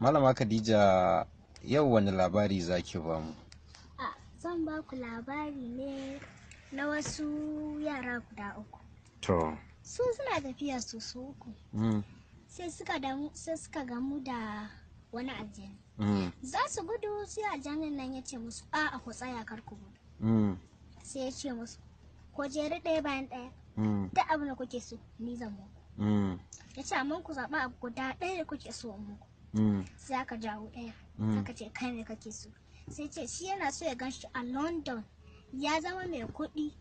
Malama Khadija yau wani labari za ki ba mu? Zan ba ku labari ne na wasu yara guda uku. To. Su suna tafiya su su uku. Mm. Sai suka sai gamu da wani aljani. Mm. Za su gudu sai aljanin nan ya ce musu a ku tsaya kar ku gudu. Mm. Sai ya ce musu ko jere ɗaya bayan ɗaya. Ta abin da kuke so ni zan muku. ce amma ku zaɓa abu guda ɗaya da kuke so mu. Mm. sai aka jawo ɗaya mm. aka ce kai ne kake so sai ce shi yana so ya ganshi a london ya zama mai kuɗi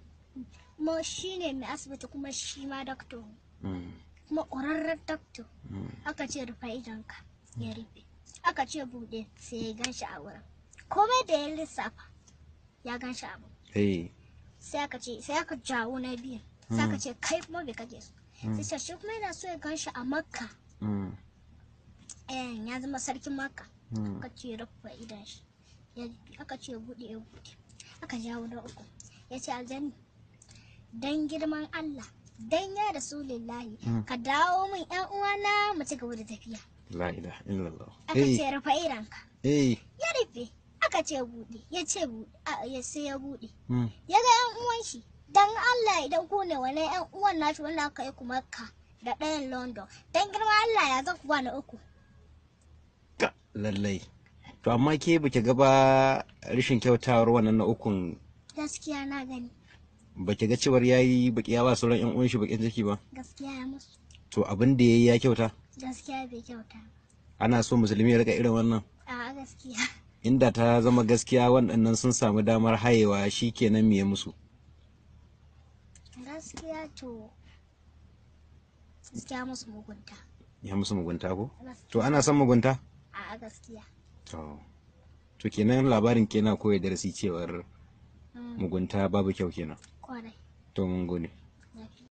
kuma shi ne mai asibiti kuma shi ma dakto. Mm. kuma ƙwararren dakto. aka ce rufe ka, ya rufe aka ce buɗe sai ya ganshi a wurin komai da ya lissafa ya ganshi abu sai aka ce sai aka jawo na biyu sai aka ce kai kuma bai kake so sai mm. shi kuma yana so ya ganshi a makka mm. eh, ya zama sarkin makka mm. aka ce rufe idan shi aka ce buɗe ya buɗe aka jawo na uku ya ce aljani dan girman allah dan ya rasulillahi ka dawo min yan uwana mu ci gaba da tafiya la ilaha illallah aka ce eh. rufe idanka eh. ya rufe aka ce buɗe ya ce buɗe ya sai ya buɗe ya ga yan uwan shi dan Allah idan ku ne wani yan uwan nashi wanda aka yi ku makka da ɗayan london dan girma Allah ya zan kuwa na uku lallai to amma ke baki ga rashin kyautawar wannan na ukun gaskiya na gani baki ga cewar yayi baki ya ba sauran yan uwan shi bakin ciki ba gaskiya ya musu to abin da yayi ya kyauta gaskiya bai kyauta ana so musulmi ya rika irin wannan a gaskiya inda ta zama gaskiya waɗannan sun samu damar hayewa shi kenan me musu gaskiya to gaskiya musu mugunta ya musu mugunta ko to ana son mugunta a gaskiya to to kenan labarin kenan koyar darasi cewar mm. mugunta babu kyau kenan kwarai to mun gode